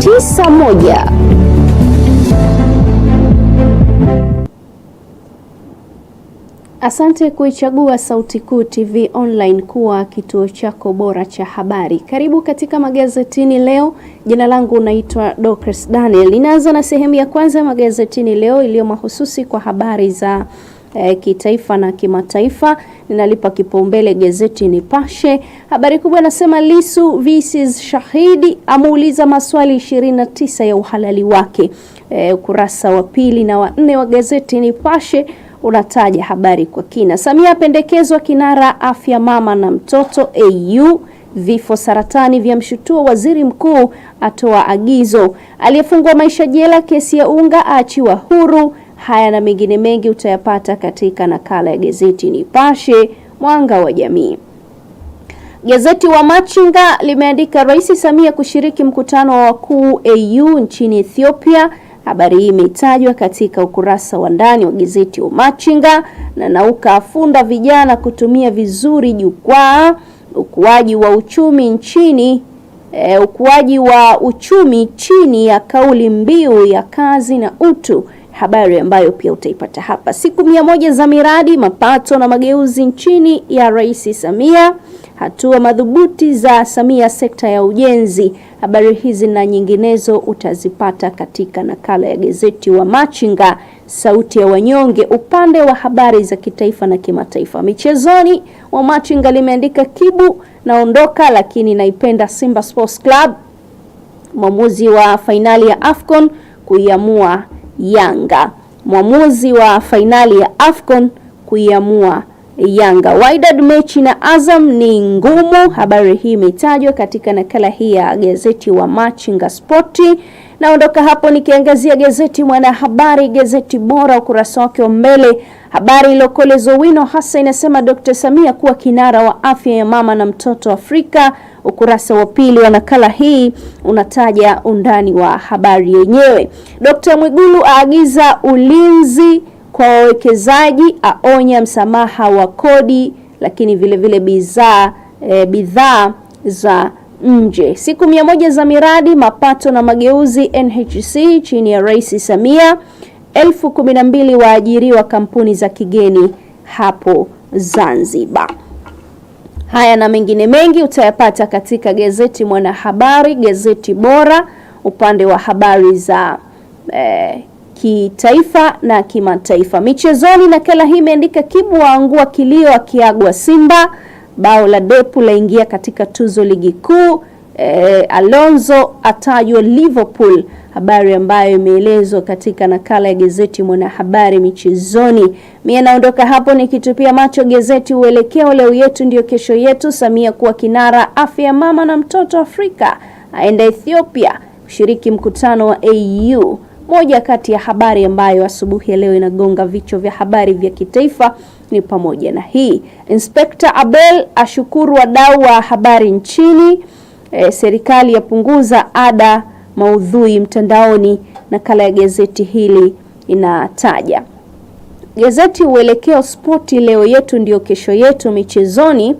91. Asante kuichagua Sauti Kuu TV Online kuwa kituo chako bora cha habari. Karibu katika magazetini leo. Jina langu unaitwa Dorcas Daniel. Inaanza na sehemu ya kwanza ya magazetini leo iliyo mahususi kwa habari za e, kitaifa na kimataifa. Ninalipa kipaumbele gazeti Nipashe, habari kubwa inasema Lisu vs Shahidi ameuliza maswali 29 ya uhalali wake. E, ukurasa wa pili na wa nne wa gazeti Nipashe unataja habari kwa kina. Samia apendekezwa kinara afya mama na mtoto AU vifo saratani vya mshutuo waziri mkuu atoa agizo. Aliyefungwa maisha jela kesi ya unga aachiwa huru. Haya na mengine mengi utayapata katika nakala ya gazeti Nipashe Mwanga wa Jamii. Gazeti wa Machinga limeandika Rais Samia kushiriki mkutano wa wakuu AU nchini Ethiopia. Habari hii imetajwa katika ukurasa wa ndani wa gazeti wa Machinga. Na Nauka afunda vijana kutumia vizuri jukwaa ukuaji wa uchumi nchini e, ukuaji wa uchumi chini ya kauli mbiu ya kazi na utu habari ambayo pia utaipata hapa. Siku mia moja za miradi, mapato na mageuzi nchini ya Rais Samia, hatua madhubuti za Samia sekta ya ujenzi. Habari hizi na nyinginezo utazipata katika nakala ya gazeti wa Machinga, sauti ya wanyonge, upande wa habari za kitaifa na kimataifa. Michezoni, wa Machinga limeandika Kibu naondoka, lakini naipenda Simba Sports Club. Mwamuzi wa fainali ya AFCON kuiamua Yanga. Mwamuzi wa fainali ya AFCON kuiamua Yanga. Wydad, mechi na Azam ni ngumu. Habari hii imetajwa katika nakala hii ya gazeti wa Machinga Sporti. Naondoka hapo nikiangazia gazeti Mwanahabari, gazeti bora, ukurasa wake wa mbele, habari iliyokolezwa wino hasa inasema Dr. Samia kuwa kinara wa afya ya mama na mtoto Afrika. Ukurasa wa pili wa nakala hii unataja undani wa habari yenyewe. Dkt. Mwigulu aagiza ulinzi kwa wawekezaji, aonya msamaha wa kodi, lakini vilevile bidhaa e, bidhaa za nje. Siku mia moja za miradi, mapato na mageuzi NHC chini ya Rais Samia, elfu kumi na mbili waajiriwa kampuni za kigeni hapo Zanzibar. Haya na mengine mengi utayapata katika gazeti Mwanahabari, gazeti bora upande wa habari za eh, kitaifa na kimataifa. Michezoni, na kela hii imeandika Kibu waangua kilio akiagwa Simba bao la Depu laingia katika tuzo ligi kuu. Eh, Alonso atajwa Liverpool, habari ambayo imeelezwa katika nakala ya gazeti Mwanahabari michezoni. Mimi naondoka hapo nikitupia macho gazeti Uelekeo, leo yetu ndio kesho yetu. Samia kuwa kinara afya ya mama na mtoto Afrika, aenda Ethiopia kushiriki mkutano wa AU. Moja kati ya habari ambayo asubuhi ya leo inagonga vichwa vya habari vya kitaifa ni pamoja na hii: Inspekta Abel ashukuru wadau wa habari nchini. E, serikali yapunguza ada maudhui mtandaoni. Nakala ya gazeti hili inataja gazeti Uelekeo Spoti, leo yetu ndio kesho yetu, michezoni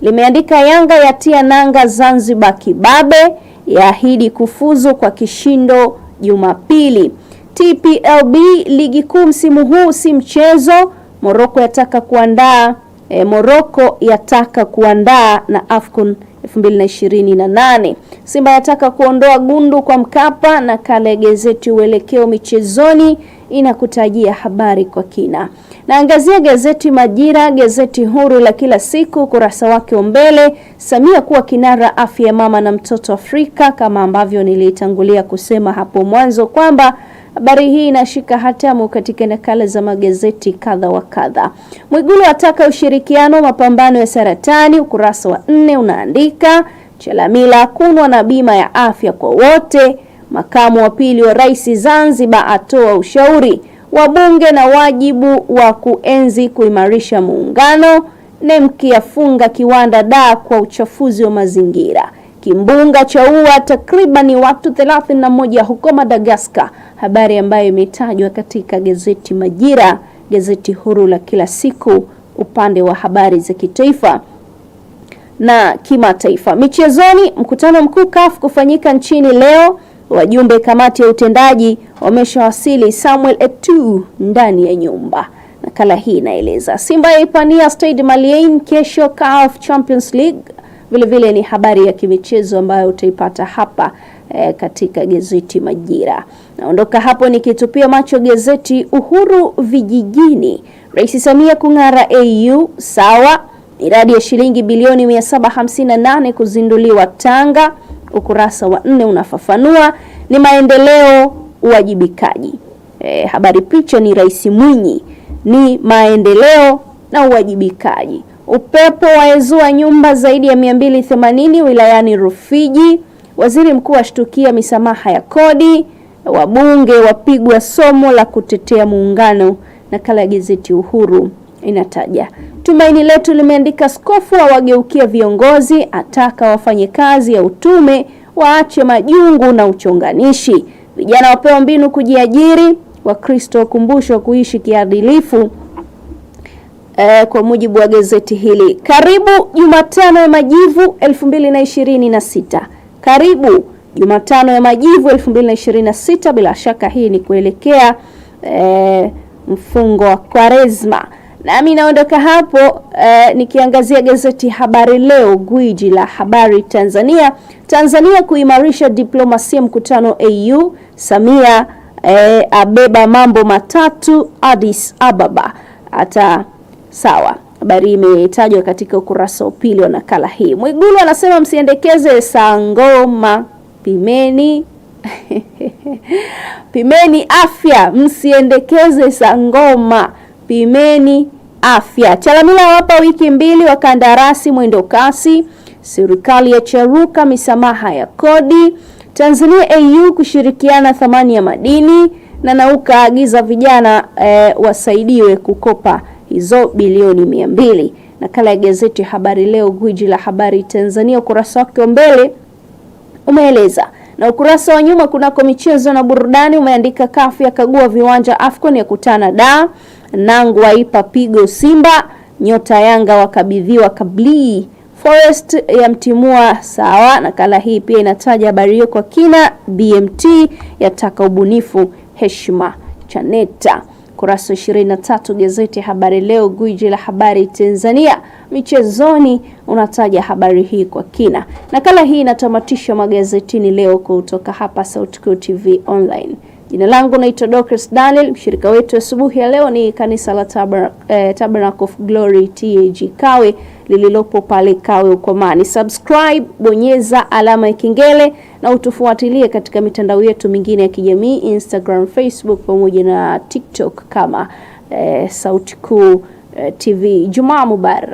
limeandika Yanga yatia nanga Zanzibar kibabe, yaahidi kufuzu kwa kishindo Jumapili. TPLB ligi kuu msimu huu si mchezo. Morocco yataka kuandaa E, Morocco yataka kuandaa na Afcon 2028. Simba yataka kuondoa gundu kwa Mkapa na kala ya gazeti Uelekeo michezoni inakutajia habari kwa kina. Naangazia gazeti Majira, gazeti huru la kila siku, kurasa wake mbele, Samia kuwa kinara afya ya mama na mtoto Afrika, kama ambavyo nilitangulia kusema hapo mwanzo kwamba Habari hii inashika hatamu katika nakala za magazeti kadha wa kadha. Mwigulu ataka ushirikiano mapambano ya saratani, ukurasa wa nne unaandika Chalamila kunwa na bima ya afya kwa wote. Makamu wa pili wa rais Zanzibar atoa ushauri wabunge na wajibu wa kuenzi kuimarisha muungano. Nemki afunga kiwanda da kwa uchafuzi wa mazingira. Kimbunga chaua takriban watu 31 huko Madagascar, habari ambayo imetajwa katika gazeti Majira, gazeti huru la kila siku upande wa habari za kitaifa na kimataifa. Michezoni, mkutano mkuu CAF kufanyika nchini leo. Wajumbe kamati ya utendaji wameshawasili Samuel Etu ndani ya nyumba. Nakala hii inaeleza Simba yaipania Stade Malien kesho CAF Champions League vile vile ni habari ya kimichezo ambayo utaipata hapa e, katika gazeti Majira. Naondoka hapo nikitupia macho gazeti Uhuru Vijijini. Rais Samia kung'ara AU sawa. Miradi ya shilingi bilioni 758 kuzinduliwa Tanga. Ukurasa wa nne unafafanua ni maendeleo, uwajibikaji. E, habari picha ni Rais Mwinyi, ni maendeleo na uwajibikaji. Upepo waezua nyumba zaidi ya 280 wilayani Rufiji. Waziri mkuu ashtukia misamaha ya kodi. Wabunge wapigwa somo la kutetea muungano. Nakala ya gazeti Uhuru inataja Tumaini Letu limeandika skofu awageukia viongozi, ataka wafanye kazi ya utume, waache majungu na uchonganishi. Vijana wapewa mbinu kujiajiri. Wakristo wakumbushwa kuishi kiadilifu eh, kwa mujibu wa gazeti hili. Karibu Jumatano ya Majivu 2026. Karibu Jumatano ya Majivu 2026. Bila shaka hii ni kuelekea eh, mfungo wa Kwaresma. Nami naondoka hapo eh, nikiangazia gazeti Habari Leo, gwiji la habari Tanzania. Tanzania kuimarisha diplomasia, mkutano AU. Samia eh, abeba mambo matatu Addis Ababa ata sawa. Habari imetajwa katika ukurasa wa pili wa nakala hii. Mwigulu anasema msiendekeze Sangoma, pimeni pimeni afya, msiendekeze Sangoma, pimeni afya. Chalamila wapa wiki mbili wakandarasi mwendo kasi. Serikali ya charuka misamaha ya kodi. Tanzania AU kushirikiana thamani ya madini na nauka agiza vijana e, wasaidiwe kukopa hizo bilioni mia mbili. Nakala ya gazeti ya Habari Leo, gwiji la habari Tanzania, ukurasa wake wa mbele umeeleza na ukurasa wa nyuma kunako michezo na burudani umeandika kafu ya kagua viwanja AFCON ya kutana da Nangu waipa pigo Simba, nyota Yanga wakabidhiwa kabli Forest ya mtimua sawa. Nakala hii pia inataja habari hiyo kwa kina. BMT yataka ubunifu heshima Chaneta ukurasa wa 23 gazeti Habari Leo, gwiji la habari Tanzania. Michezoni unataja habari hii kwa kina. Nakala hii inatamatisha magazetini leo kutoka hapa Sautikuu TV Online. Jina langu naitwa Dorcas Daniel. Mshirika wetu asubuhi ya leo ni kanisa la eh, Tabernacle of Glory TAG Kawe lililopo pale Kawe Ukwamani. Subscribe, bonyeza alama ya kengele na utufuatilie katika mitandao yetu mingine ya kijamii Instagram, Facebook pamoja na TikTok kama eh, Sauti Kuu eh, TV. Jumaa Mubarak.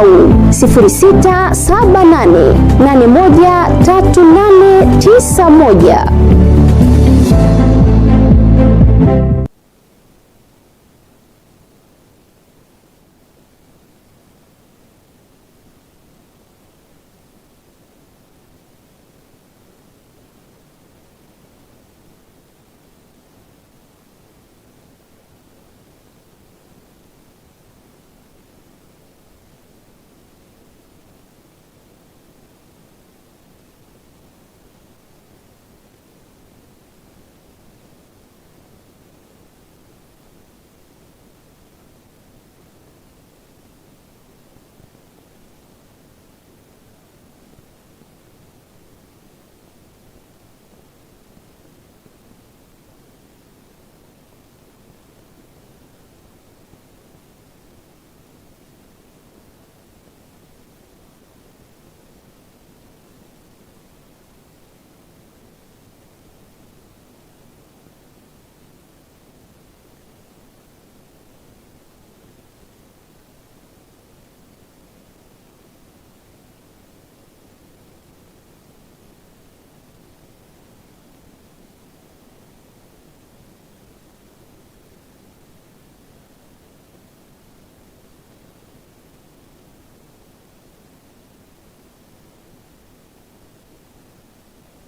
au 0678813891.